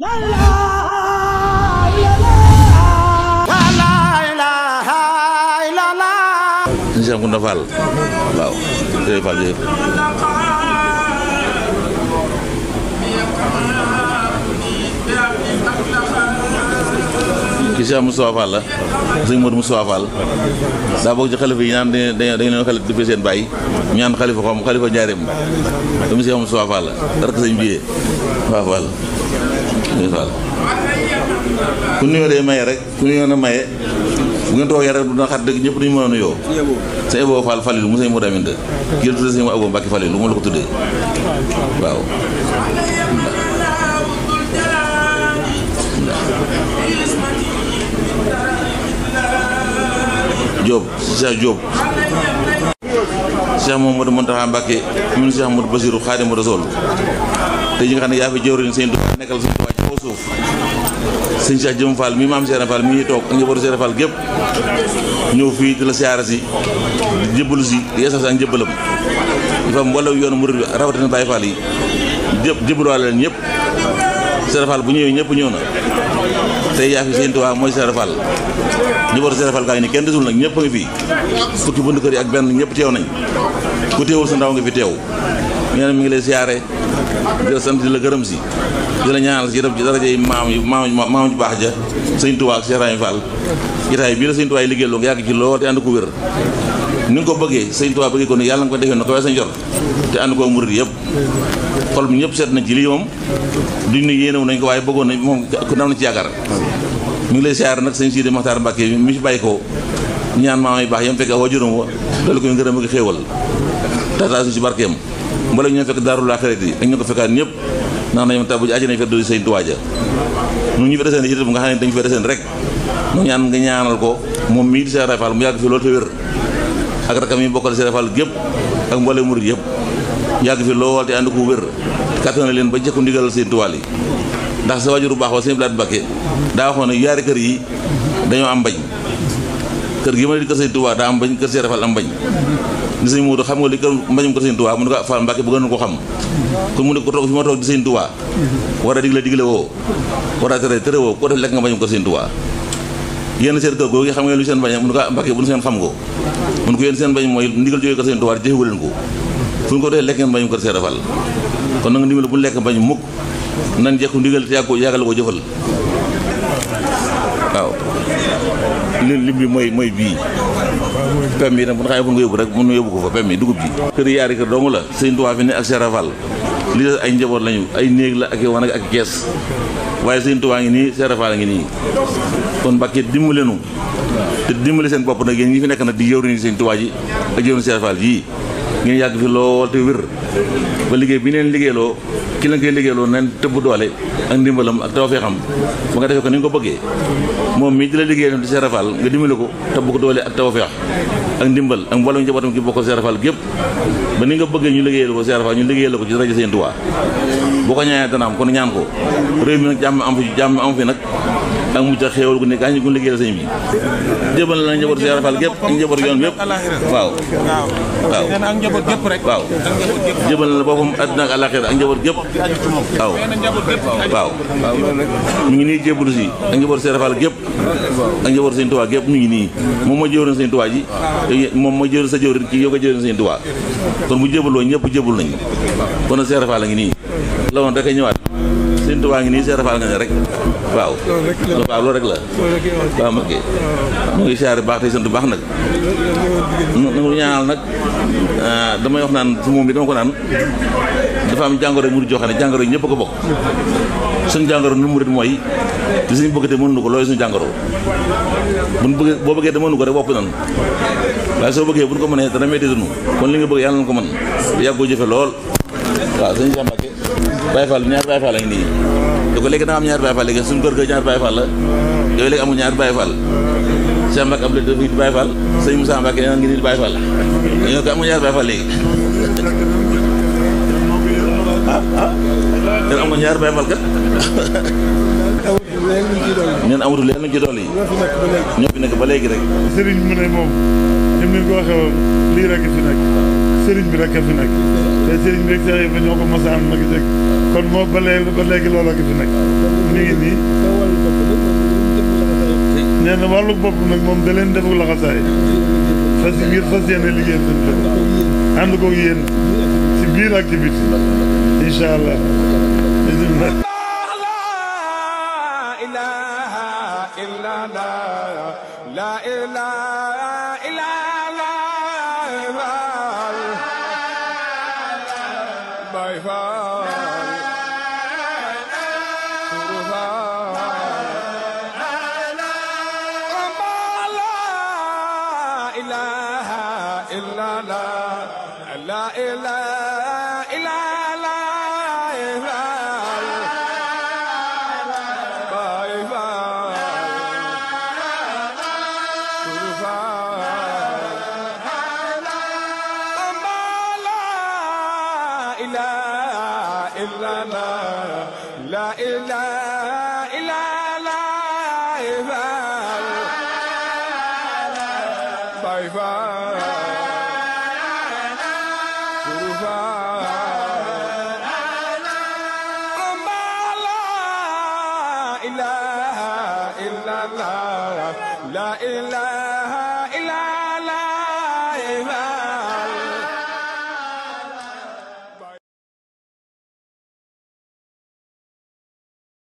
sëñ Cheikh Kounda Fall waaw jërëjëf Fall jërëjëf kii Cheikh Moustapha Fall la sëñ Modou Moustapha Fall daa bokk ci xalifa yi naan dañu dañu leen xalifa depuis seen bàyyi ñu naan xalifa xom xalifa njaareem dama Cheikh Moustapha Fall la ndeysaan ku nuyoo dee maye rek ku nuyoo na maye bu ngeen toogee rek dina xat dëgg ñëpp duñu mën a nuyoo sëñ Ebo Fall Falilu waaw Diop Cheikh Diop Cheikh Mamadou te yi xam ne yaa fi jëwriñ seen du nekkal seen suuf sëñ Cheikh Jëm Fall mi maam Cheikh Fall mi ngi toog ak njabootu Cheikh Fall gépp ñëw fii di la siyaara si di si di yeesal sa njébbalam di fa mboolem yoonu murid bi rawatina Baye yi jé jébbaluwaale leen ñëpp Cheikh Fall bu ñëwee ñëpp ñëw na tey yaa fi sëñ Tuubaa mooy Cheikh Fall njabootu Cheikh Fall gaa ngi ni kenn desul nag ñëpp a ngi fii fukki bunt kër yi ak benn ñëpp teew nañ ku teewul sa ndaw nga fi teew ñu ne ngi lay siyaare. di la di la gërëm si di la ñaanal si rëb ci daraje maam yu maam maam ju baax ja sëñ Tuubaa ak Cheikh Ibrahima Fall jotaay bii la sëñ Tuubaa yi liggéey loo nga yàgg ci lool te ànd ko wér ni ko bëggee sëñ Tuubaa bëggee ko ni yàlla ko sa njor te ànd koo murit yëpp xol bi ñëpp set na ci lii du duñ ne yéenewu nañ ko waaye bëggoon nañ moom ku nam na ci yaakaar mi ngi lay siyaar nag sëñ Sidi Maxtaar Mbàkke mi fi bàyyi ko ñaan maam yi baax yam fekk awa juróom wa doolu koy ngërëm ak xéewal tataasuñ si barkeem mbala ñoo fekk daarul axirati yi ak ñu ko fekkaat ñëpp ndax nañu tàbbu ji àjjana fekk doon sëñ Tuubaa ja ñu fi deseen nga xam ne dañu fi deseen rek ñu ñaan nga ñaanal ko moom mii di Cheikh Ibra Fall mu yàgg fi loolu te wér ak rakam yi bokkal Cheikh Ibra Fall gépp ak mboolem murid yëpp yàgg fi lool te ànd ko wér kàttan na leen ba jëkku ndigalal seen tuwaal yi ndax sa wajuru baax wa seen bilaat Mbàkke daa waxoon ne yaari kër yi dañoo am bañ kër gi ma di kër seen tuwaal am bañ kër Cheikh Ibra Fall am bañ ni sëñ Moodu xam nga li gën mbañum ko sëñ Tuubaa mu ne ko ah Fall Mbàkke bu gën ko xam kon mu ne ko toog fi ma toog di sëñ Tuubaa war a digle digle woo war a tere tere woo ko def lekk nga mbañum ko sëñ Tuubaa yéen seen kër googu xam nga lu seen bañ mu ne ko ah Mbàkke bu seen xam ko mu ne ko yéen seen bañ mooy ndigal jógee ko ko fu ñu ko defee lekk ngeen mbañum ko sëñ Fall kon nag ndigal bu lekk mbañ mukk nan jekku ndigal te yàgg ko yàggal ko jëfal lim bi mooy mooy bii pem yi nag bu na xaye nga yóbbu rek mën na yóbbu ko fa pem yi dugub ji kër yaari kër dong la sëñ Tuubaa fi ne ak serafal li des ay njaboot lañu ay néeg la ak wan ak ak kees waaye sëñ Tuubaa ngi nii serafal ngi nii kon Mbàkke dimbali nu te dimbali seen bopp nag yéen ñi fi nekk nag di yëwriñu sëñ Tuubaa ji ak yëwriñu serafal yii ngeen yàgg fi lool te wér ba liggéey bi neen liggéeyloo ki la ngay liggéeyloo neen tëbb doole ak ndimbalam ak tawfeexam ba nga defee ko ni nga ko bëggee moom mii di la liggéeyal di seerafal nga dimbali ko tëbb ko doole ak tawfeex ak ndimbal ak mboolem njabootam ki bokk seerafal gépp ba ni nga bëggee ñu liggéeyal ko seerafal ñu la ko ci rajo Sëñ Tuubaa boo ko ñaanee dana am kon ñaan ko réew mi nag jàmm amu fi jàmm am fi nag ak mucc ak xéewal gu nekk añ gu liggéeyal sëñ bi jëbal la njaboot si rafal gépp ak njaboot yoon yëpp waaw waaw ak njaboot gépp rek waaw jëbal la boppam àdduna ak alaxira ak njaboot gépp waaw waaw ñu ngi nii jébbalu si ak njaboot si rafal gépp ak njaboot sëñ Tuubaa gépp ñu ngi nii moom mooy jëwrin sëñ Tuubaa ji moom mooy jëwrin sa jëwrin ci yow ko jëwrin sëñ Tuubaa kon bu jëbaloo ñëpp jëbal nañ kon na si rafal la ngi nii la woon rek ñëwaat Sëriñ Tuubaa ngi nii Cheikh Rafal nga ne rek waaw. loolu rek la loolu rek la. waaw mu baax tey sant bu ñaanal nag ah, damay wax naan moom bi dama ko naan dafa am jàngoro yu mu joxe ne jàngoro yi ñëpp ko bokk. suñu jàngoro nu mu murit mooy li suñu bëgg te mënuñu ko looy suñu jàngoro buñ bëggee boo bëggee te mënuñu ko rek bokk nañu waaye soo bëggee buñ ko mënee dana métti kon li nga bëgg yàlla na ko mën yàggoo jëfe lool. waaw sëñ Cheikh Mbacke Baye ñaar Baye Fall lañ nii du ko léegi da nga am ñaar Baye Fall léegi suñu léegi amul ñaar Baye sëñ Moussa Mbacke na ngi nit Baye Fall ñoo ko amul ñaar Baye Fall léegi ah ah yéen amul ñaar Baye Fall kat ñun amatul leen luñ ci dolli ñoo fi nekk ba léegi rek sëriñ mu ne moom ñoom ñu sëriñ bi rek a fi nekk te sëriñ bi rek sa ba ñoo ko mos a am nag dégg kon moo ba léegi ba léegi looloo ki fi nekk mi ngi nii nee na wàllu bopp nag moom da leen defu laxasaay fas ngir fas yéene liggéeyal seen bopp ànd ko yéen si biir activité incha allah bisimilah la ilaha illa la إله إلا لا لا إله إلا لا طيفا ظروفا أما لا إله إلا لا لا إله